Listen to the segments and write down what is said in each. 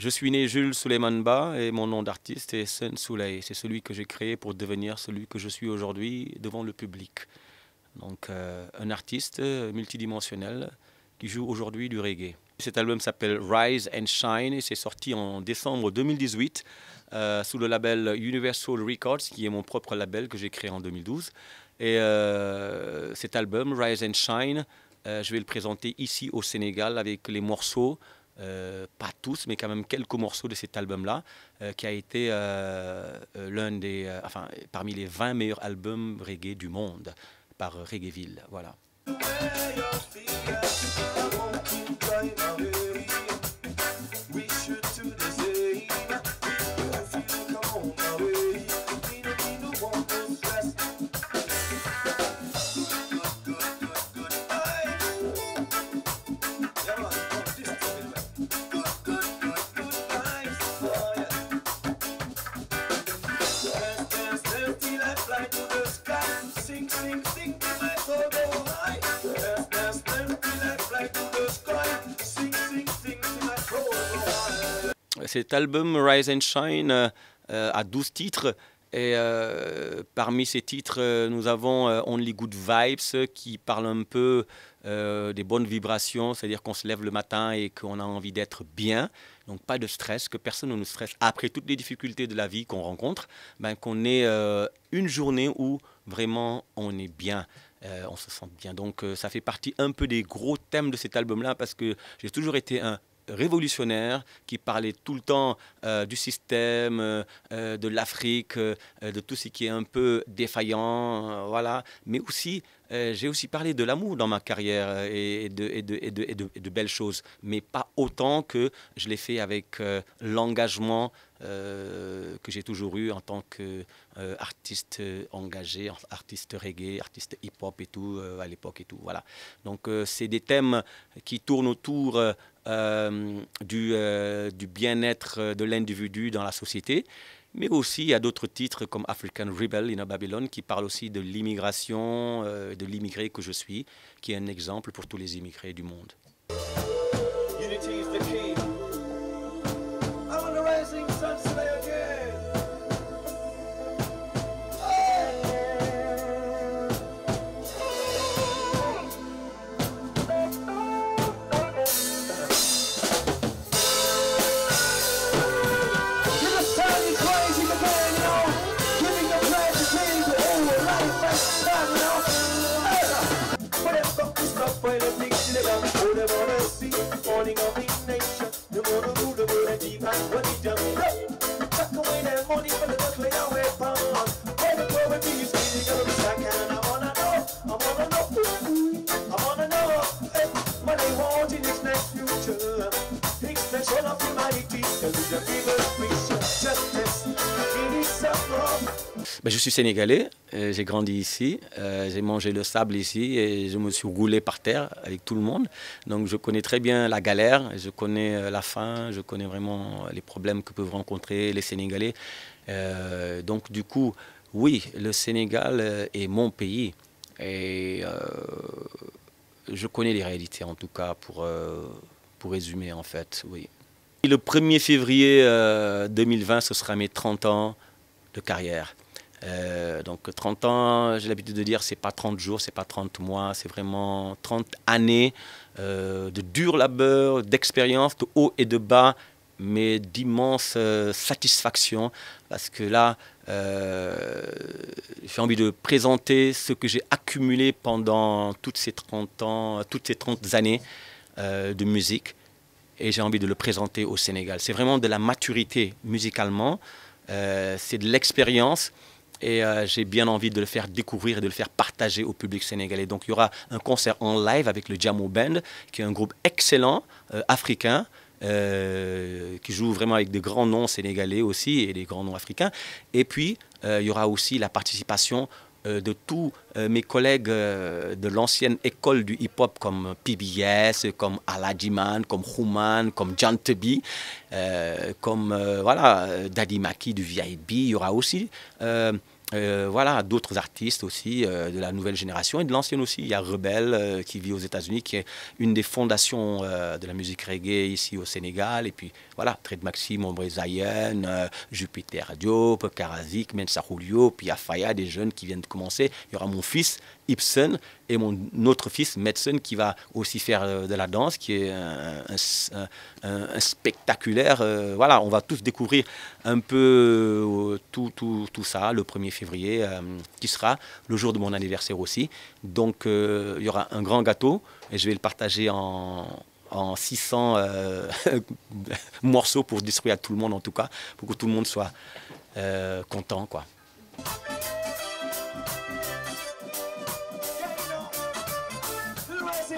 Je suis né Jules Souleymanba et mon nom d'artiste est Sen Souley. C'est celui que j'ai créé pour devenir celui que je suis aujourd'hui devant le public. Donc euh, un artiste euh, multidimensionnel qui joue aujourd'hui du reggae. Cet album s'appelle Rise and Shine et c'est sorti en décembre 2018 euh, sous le label Universal Records, qui est mon propre label que j'ai créé en 2012. Et cet album, Rise and Shine, je vais le présenter ici au Sénégal avec les morceaux euh, pas tous, mais quand même quelques morceaux de cet album-là, euh, qui a été euh, l'un des, enfin, parmi les 20 meilleurs albums reggae du monde par Reggaeville. Voilà. Cet album Rise and Shine euh, a 12 titres et euh, parmi ces titres, euh, nous avons Only Good Vibes qui parle un peu des bonnes vibrations, c'est-à-dire qu'on se lève le matin et qu'on a envie d'être bien. Donc pas de stress, que personne ne nous stresse. Après toutes les difficultés de la vie qu'on rencontre, ben, qu'on ait euh, une journée où vraiment on est bien. Euh, on se sent bien. Donc euh, ça fait partie un peu des gros thèmes de cet album-là parce que j'ai toujours été un révolutionnaire qui parlait tout le temps du système, de l'Afrique, de tout ce qui est un peu défaillant, voilà, mais aussi euh, j'ai aussi parlé de l'amour dans ma carrière et, de, belles choses, mais pas autant que je l'ai fait avec euh, l'engagement euh, que j'ai toujours eu en tant qu'artiste engagé, artiste reggae, artiste hip-hop et tout, à l'époque et tout. Voilà. Donc, c'est des thèmes qui tournent autour du bien-être de l'individu dans la société mais aussi à d'autres titres comme African Rebel in a Babylon, qui parle aussi de l'immigration, euh, de l'immigré que je suis, qui est un exemple pour tous les immigrés du monde. Ben, je suis sénégalais, euh, j'ai grandi ici, euh, j'ai mangé le sable ici et je me suis roulé par terre avec tout le monde. Donc je connais très bien la galère, je connais euh, la faim, je connais vraiment les problèmes que peuvent rencontrer les Sénégalais. donc du coup, oui, le Sénégal est mon pays et je connais les réalités en tout cas pour, pour résumer en fait, oui. le 1er février 2020, ce sera mes 30 ans de carrière. Euh, donc 30 ans, j'ai l'habitude de dire, c'est pas 30 jours, c'est pas 30 mois, c'est vraiment 30 années euh, de dur labeur, d'expérience, de haut et de bas, mais d'immense euh, satisfaction parce que là, j'ai envie de présenter ce que j'ai accumulé pendant toutes ces 30 ans, toutes ces 30 années de musique et j'ai envie de le présenter au Sénégal. C'est vraiment de la maturité musicalement, c'est de l'expérience et euh, j'ai bien envie de le faire découvrir et de le faire partager au public sénégalais. Donc il y aura un concert en live avec le Jamo Band, qui est un groupe excellent euh, africain. Euh, qui joue vraiment avec des grands noms sénégalais aussi et des grands noms africains. Et puis, il y aura aussi la participation euh, de tous euh, mes collègues euh, de l'ancienne école du hip-hop comme PBS, comme Aladjiman, comme Human, comme John comme voilà, Daddy Maki du VIB. Il y aura aussi euh, voilà, d'autres artistes aussi euh, de la nouvelle génération et de l'ancienne aussi. Il y a Rebelle euh, qui vit aux États-Unis, qui est une des fondations de la musique reggae ici au Sénégal. Et puis voilà, Trade Maxime, Ombre Jupiter Diop, Karazik, Mensa Julio, puis Afaya, des jeunes qui viennent de commencer. Il y aura mon fils Ibsen et mon autre fils Metzen qui va aussi faire euh, de la danse, qui est un, spectaculaire. Euh, voilà, on va tous découvrir un peu euh, tout, tout, ça le 1er février, qui sera le jour de mon anniversaire aussi. Donc il y aura un grand gâteau et je vais le partager en, 600 morceaux pour distribuer à tout le monde en tout cas, pour que tout le monde soit content. quoi.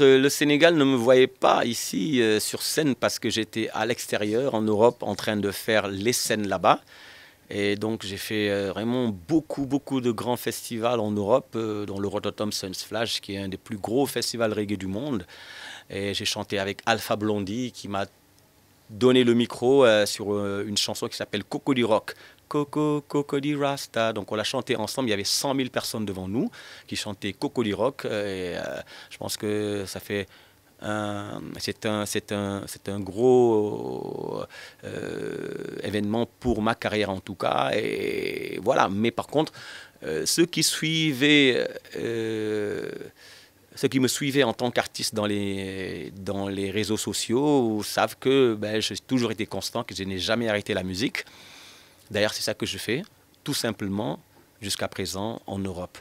Euh, le Sénégal ne me voyait pas ici euh, sur scène parce que j'étais à l'extérieur, en Europe, en train de faire les scènes là-bas. Et donc, j'ai fait euh, vraiment beaucoup, beaucoup de grands festivals en Europe, dont le Rototom Suns Flash, qui est un des plus gros festivals reggae du monde. Et j'ai chanté avec Alpha Blondie, qui m'a donné le micro sur une chanson qui s'appelle Coco du Rock, Coco, di Rasta. Donc on l'a chanté ensemble. Il y avait 100 000 personnes devant nous qui chantaient Cocody Rock. Et euh, je pense que ça fait c'est un, c'est un, gros euh, événement pour ma carrière en tout cas. Et voilà. Mais par contre, euh, ceux qui suivaient, ceux qui me suivaient en tant qu'artiste dans les, dans les réseaux sociaux savent que ben, j'ai toujours été constant, que je n'ai jamais arrêté la musique. D'ailleurs, c'est ça que je fais, tout simplement, jusqu'à présent, en Europe,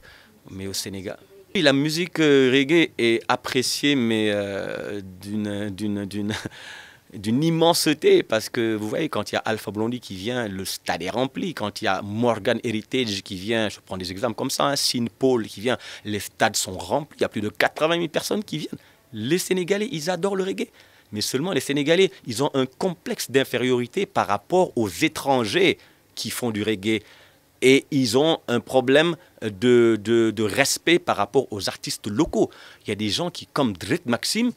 mais au Sénégal. la musique euh, reggae est appréciée, mais euh, d'une d'une parce que vous voyez quand il y a Alpha Blondie qui vient le stade est rempli quand il y a Morgan Heritage qui vient je prends des exemples comme ça Sin hein, Paul qui vient les stades sont remplis il y a plus de 80 000 personnes qui viennent les Sénégalais ils adorent le reggae mais seulement les Sénégalais ils ont un complexe d'infériorité par rapport aux étrangers qui font du reggae et ils ont un problème de, de, respect par rapport aux artistes locaux. Il y a des gens qui, comme Drake Maxime,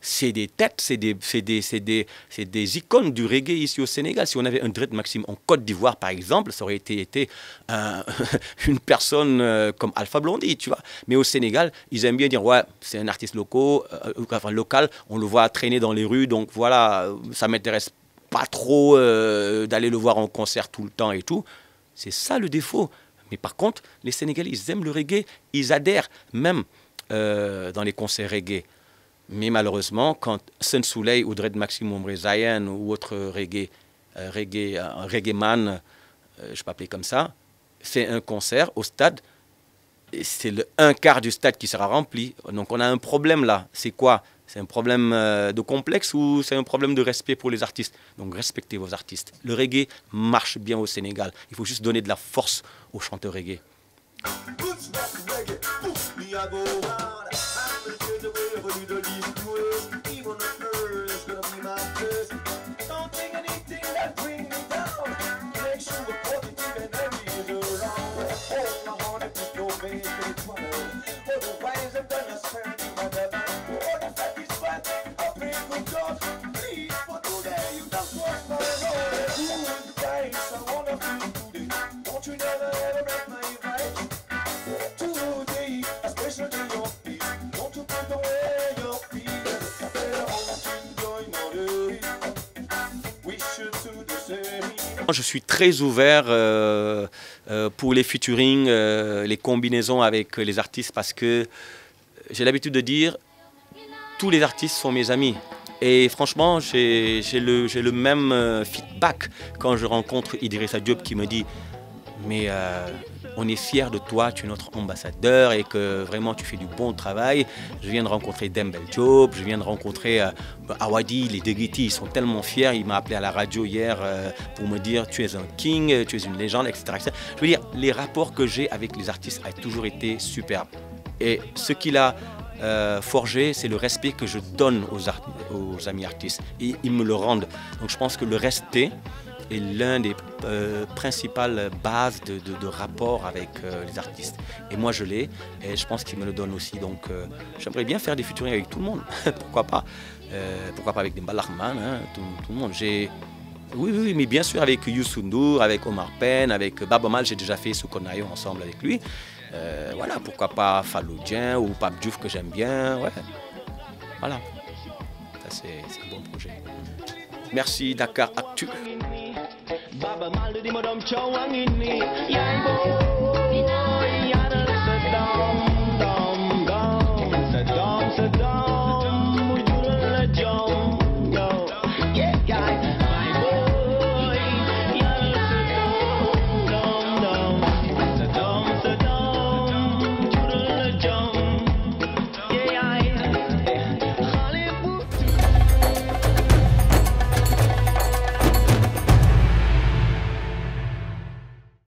c'est des têtes, c'est des, des, des, des, icônes du reggae ici au Sénégal. Si on avait un Drake Maxime en Côte d'Ivoire, par exemple, ça aurait été, été une personne euh, comme Alpha Blondie, tu vois. Mais au Sénégal, ils aiment bien dire, ouais, c'est un artiste local, euh, local, on le voit traîner dans les rues, donc voilà, ça m'intéresse pas trop euh, d'aller le voir en concert tout le temps et tout. C'est ça le défaut. Mais par contre, les Sénégalais, ils aiment le reggae, ils adhèrent même euh, dans les concerts reggae. Mais malheureusement, quand Sun Soleil ou Dread Maximum Rezaïen ou autre reggae, euh, reggae, reggae man, je peux appeler comme ça, fait un concert au stade, c'est un quart du stade qui sera rempli. Donc on a un problème là. C'est quoi c'est un problème euh, de complexe ou c'est un problème de respect pour les artistes Donc respectez vos artistes. Le reggae marche bien au Sénégal. Il faut juste donner de la force aux chanteurs reggae. Je suis très ouvert euh, euh, pour les featurings, euh, les combinaisons avec les artistes parce que j'ai l'habitude de dire tous les artistes sont mes amis. Et franchement, j'ai le, le, même feedback quand je rencontre Idrissa Diop qui me dit mais euh, on est fiers de toi, tu es notre ambassadeur et que vraiment tu fais du bon travail. Je viens de rencontrer Dembel Job, je viens de rencontrer euh, Awadi, les Degiti, ils sont tellement fiers. Il m'a appelé à la radio hier euh, pour me dire tu es un king, tu es une légende, etc. Je veux dire, les rapports que j'ai avec les artistes ont toujours été superbes. Et ce qu'il a forgé, c'est le respect que je donne aux, aux amis artistes. Et ils me le rendent. Donc je pense que le respect, est l'un des euh, principales bases de, rapport avec euh, les artistes. Et moi, je l'ai, et je pense qu'il me le donne aussi. Donc, euh, j'aimerais bien faire des featuring avec tout le monde. pourquoi pas Pourquoi pas avec des Balarman, hein, tout, le monde. J'ai oui, oui, mais bien sûr avec Youssou N'Dour, avec Omar Penn, avec Babomal, j'ai déjà fait Soukonaïo ensemble avec lui. voilà, pourquoi pas Faloudien ou Pape que j'aime bien. Voilà, c'est un bon projet. Merci Dakar Actu. Baba Mal di modom dom ini Yang bo Yana sa dom dom dom Sa dom sa dom